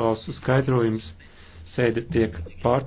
balsu skaidrojums sēde tiek pārtraukta.